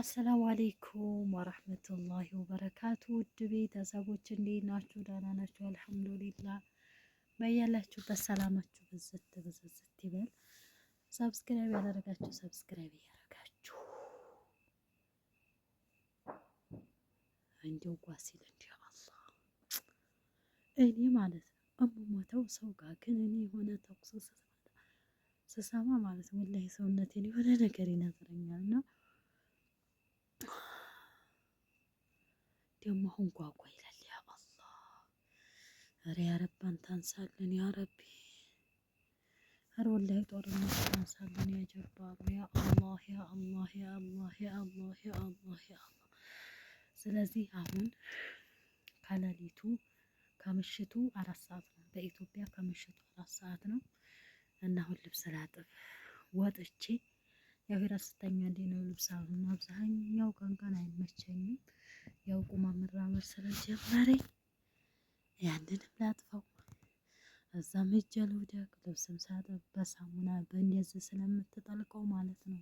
አሰላሙ አሌይኩም ወረህመቱላሂ ወበረካቱ። ውድ ቤተሰቦች እንዴት ናችሁ? ደህና ናችሁ? አልሐምዱሊላ። በያላችሁበት ሰላማችሁ ብዝት ብዝዝት ይበል። ሰብስክራይብ ያደረጋችሁ ሰብስክራይብ እያደረጋችሁ እንዲው ጓሲል እንዲህ አላ እኔ ማለት እምሞተው ሰው ጋር ግን እኔ የሆነ ተኩስ ስሰማ ማለት ወላሂ ሰውነቴን የሆነ ነገር ይነግረኛል ነው ደግሞ አሁን ጓጓ ይላል። ያ አላህ ኧረ ያ ረብ አንተ አንሳልን ያ ረቢ ኧረ ወላሂ ጦርነት አንሳለን ያ ጀባሩ ያ አላህ ያ አላህ ያ አላህ ያ አላህ ያ አላህ ያ አላህ። ስለዚህ አሁን ከሌሊቱ ከምሽቱ አራት ሰዓት ነው በኢትዮጵያ ከምሽቱ አራት ሰዓት ነው እና አሁን ልብስ ላጥብ ወጥቼ ያው ሄራስ ስተኛ እንዴ ነው ልብስ አሁን አብዛኛው ቀን ቀን አይመቸኝም። ያው ቁማ መራመድ ስለጀመረኝ ያንንም ላጥፋው እዛም እጄ ልውደቅ ልብስም ሳጥብ በሳሙና በእንደዚህ ስለምትጠልቀው ማለት ነው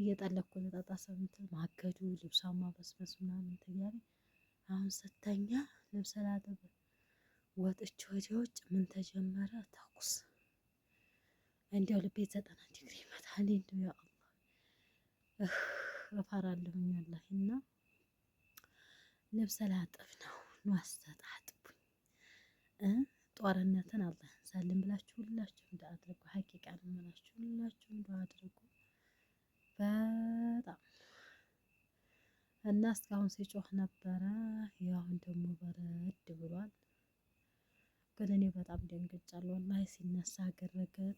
እየጠለቅኩ ልጠጣ ሰምትል ማገዱ ልብሷን ማበስበስ ምናምን ትያለ። አሁን ስተኛ ልብስ ላጥብ ወጥቼ ወደ ውጭ ምን ተጀመረ ተኩስ እንዲያው ልቤት ዘጠና ዲግሪ ይመታል እንዲያው እፈራለሁኝ ወላሂ። እና ልብስ ላጥብ ነው ንዋስተት ጦርነትን አላህ ያንሳልን ብላችሁ ሁላችሁም ዱዓ አድርጉ። ሀቂቃ ነው የምላችሁ፣ ሁላችሁም ዱዓ አድርጉ በጣም እና እስካሁን ሲጮህ ነበረ። ያሁን ደግሞ በረድ ብሏል። ግን እኔ በጣም ደንግጫለሁ ወላሂ ሲነሳ ግርግር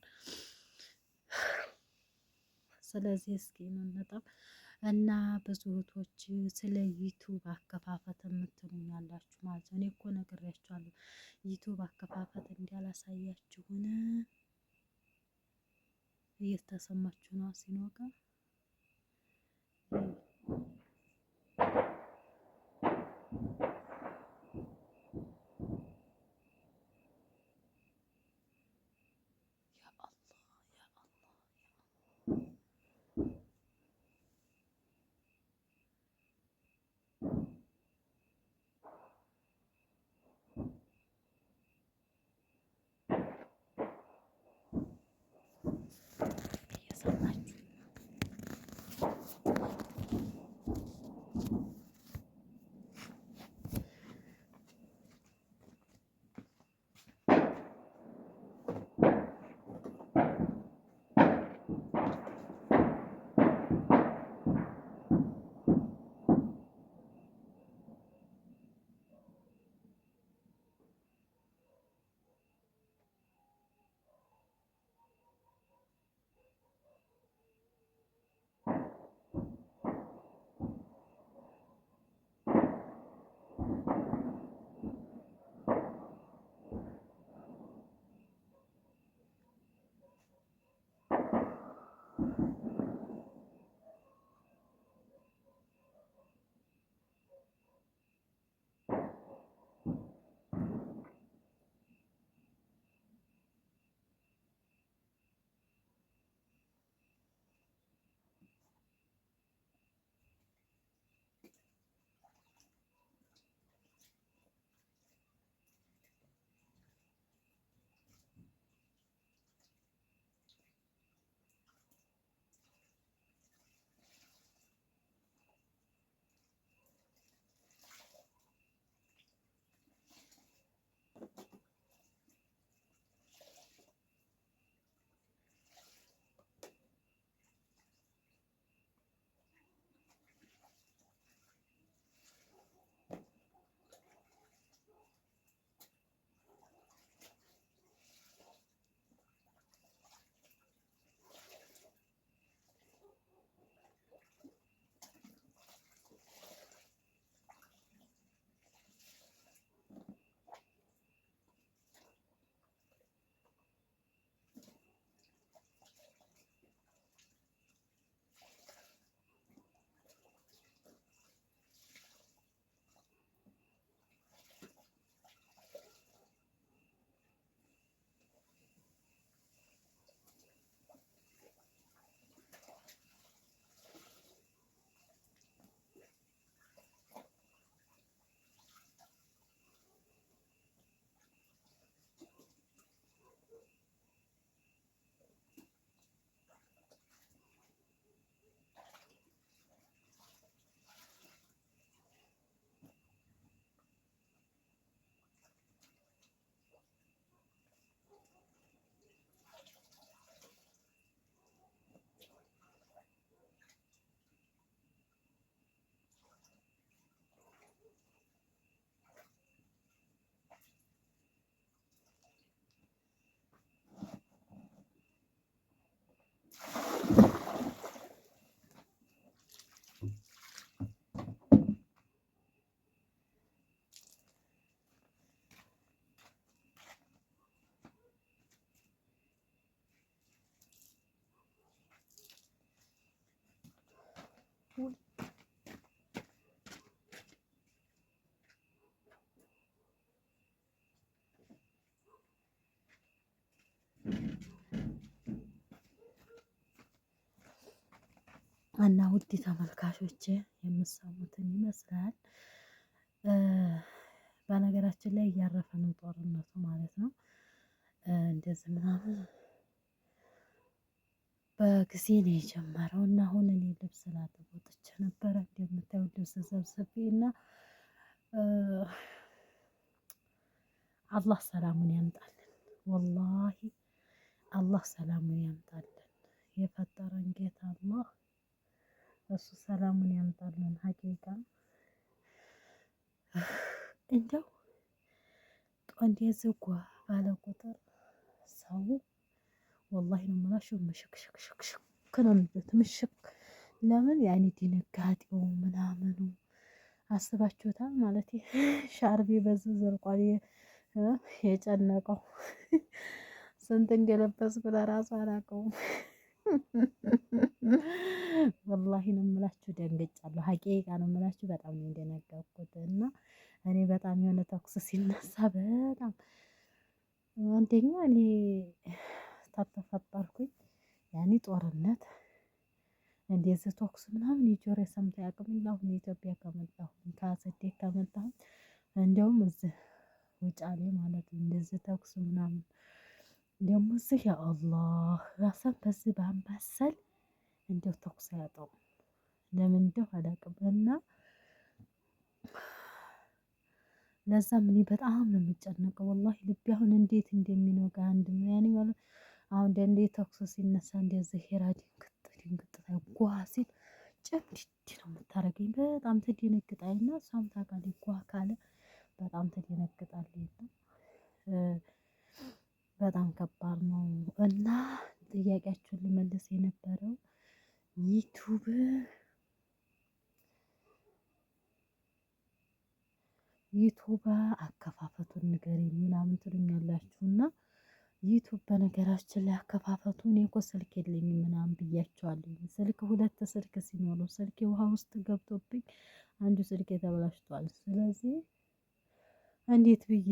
ስለዚህ እስኪ የምንመጣው እና ብዙ እህቶች ስለ ዩቱብ አከፋፈት የምትሉኝ ያላችሁ ማለት ነው። እኔ እኮ ነግሬያችኋለሁ ዩቱብ አከፋፈት እንዳላሳያችሁን። እየተሰማችሁ ነው ሲኖቀ እና ውድ ተመልካቾች የምሰሙትን ይመስላል። በነገራችን ላይ እያረፈ ነው ጦርነቱ ማለት ነው። እንደዚህ ምናምን በጊዜ ነው የጀመረው እና አሁን እኔ ልብስ ላጥብ ወጥቼ ነበረ እንደምታዩት ልብስ ሰብስቤ እና አላህ ሰላሙን ያምጣልን። ወላሂ አላህ ሰላሙን ያምጣልን። የፈጠረን ጌታ አላህ እሱ ሰላሙን ያምጣልን። ሀቂቃ እንደው ጧንዴ ዝጓ ባለ ቁጥር ሰው ወላሂ ነው የምላችሁ ምሽክሽክሽክሽክ ነው የሚሉት። ምሽክ ለምን ያኔ ድንጋጤው ምናምኑ አስባችሁታል ማለት ሻርቢ በዚህ ዘርቋል የጨነቀው ስንት ብለ ራሱ አላውቀውም። ወላሂ ነው የምላችሁ፣ ደንግጫለሁ። ሀቂቃ ነው የምላችሁ፣ በጣም ነው የደነገጥኩት። እና እኔ በጣም የሆነ ተኩስ ሲነሳ በጣም አንደኛ እኔ ታተፈጠርኩኝ ያኔ ጦርነት እንደዚህ ተኩስ ምናምን የጆሮ ሰምታ ያቅም አሁን የኢትዮጵያ ከመጣሁኝ ከስደት ከመጣሁኝ እንዲያውም እዚህ ውጫሌ ማለት እንደዚህ ተኩስ ምናምን ደግሞ እዚህ ያ አላህ ራሳን በዚህ በአምባሰል እንደው ተኩስ ያጠው ለምን እንደው አላውቅም። እና ለዛም እኔ በጣም ነው የሚጨነቀው ወላሂ ልቤ አሁን እንዴት እንደሚኖጋ አንድ ያኔ ማለት አሁን እንደ ተኩስ ሲነሳ እንደዚህ ሄራ ድንግጥ ድንግጥ ጓ ሲል ጭምድድ ነው የምታደርገኝ። በጣም ትደነግጣለች እና እሷም ታውቃለች። ጓ ካለ በጣም ትደነግጣለች። ከባድ ነው እና ጥያቄያችሁን ልመልስ የነበረው ዩቱብ ዩቱብ አከፋፈቱን ንገረኝ ምናምን ትሉኛላችሁ እና ዩቱብ በነገራችን ላይ አከፋፈቱ እኔ እኮ ስልክ የለኝ ምናምን ብያቸዋለኝ። ስልክ ሁለት ስልክ ሲኖረው ስልክ ውሃ ውስጥ ገብቶብኝ አንዱ ስልክ ተበላሽቷል። ስለዚህ እንዴት ብዬ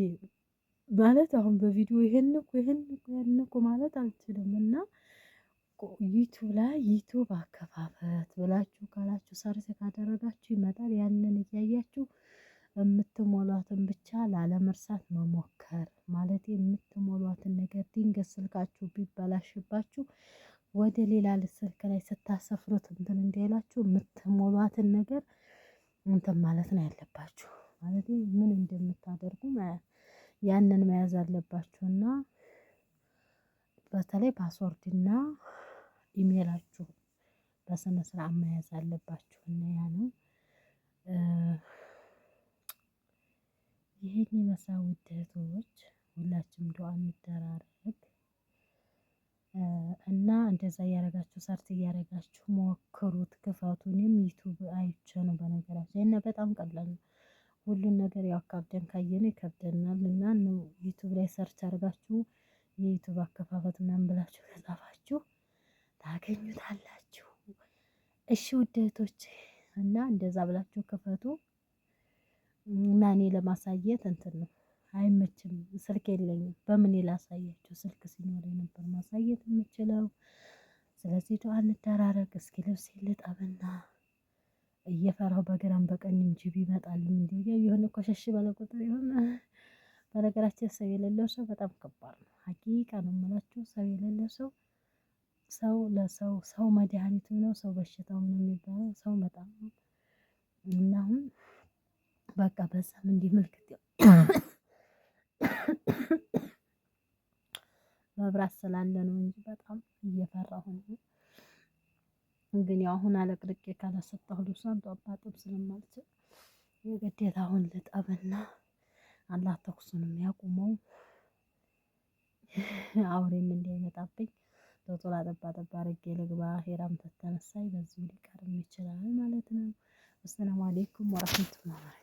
ማለት አሁን በቪዲዮ ይሄን እኮ ይሄን እኮ ይሄን እኮ ማለት አልችልም። እና ዩቱብ ላይ ዩቱብ አከፋፈት ብላችሁ ካላችሁ ሰርች ካደረጋችሁ ይመጣል። ያንን እያያችሁ የምትሞሏትን ብቻ ላለመርሳት መሞከር ማለት የምትሞሏትን ነገር ድንገት ስልካችሁ ቢበላሽባችሁ ወደ ሌላ ስልክ ላይ ስታሰፍሩት እንትን እንዳይላችሁ የምትሞሏትን ነገር እንትን ማለት ነው ያለባችሁ። ማለት ምን እንደምታደርጉ ያንን መያዝ አለባችሁ እና በተለይ ፓስወርድ ፓስወርድና ኢሜላችሁ በስነ ስርዓት መያዝ አለባችሁና ያ ነው። ይህን የመሳ ውድ እህቶች ሁላችንም ዱአ እንደራረግ እና እንደዛ እያረጋችሁ ሰርት እያረጋችሁ ሞክሩት፣ ክፈቱንም ዩቱብ አይቼ ነው በነገራችን እና በጣም ቀላል ነው። ሁሉን ነገር ያው አካብደን ካየነው ይከብደናል እና ዩቱብ ላይ ሰርች አድርጋችሁ የዩቱብ አከፋፈት ምናምን ብላችሁ ከጻፋችሁ ታገኙታላችሁ። እሺ ውደቶች እና እንደዛ ብላችሁ ክፈቱ እና እኔ ለማሳየት እንትን ነው አይመችም፣ ስልክ የለኝም። በምን ላሳያችሁ? ስልክ ሲኖር ነበር ማሳየት የምችለው። ስለዚህ ዱአ እንደራረግ። እስኪ ልብስ ልጠብና እየፈራሁ በግራም በቀኝም ጅብ ይመጣል እንጂ የሆነ ኮሸሽ ባለ ቁጥር የሆነ በነገራችን ሰው የሌለው ሰው በጣም ከባድ ነው። ሀቂቃ ነው የምላችሁ። ሰው የሌለው ሰው ሰው ለሰው ሰው መድኃኒቱ ነው። ሰው በሽታው ነው የሚባለው ሰው በጣም እና አሁን በቃ በዛም እንዲህ ምልክት መብራት ስላለ ነው እንጂ በጣም እየፈራሁ ነው። ግን ያው አሁን አለቅልቄ ካላሰጣሁ ልብሷን ጧጧጥም ስለማልችል የግዴታ አሁን ልጠብና አላህ ተኩሱንም ያቁመው አውሬም እንዳይመጣብኝ ቶቶላ ጠባ ጠባ አድርጌ ልግባ። ሄራም ተተነሳይ በዚህ ሊቀርም ይችላል ማለት ነው። አሰላሙ አሌይኩም ወረህመቱላሂ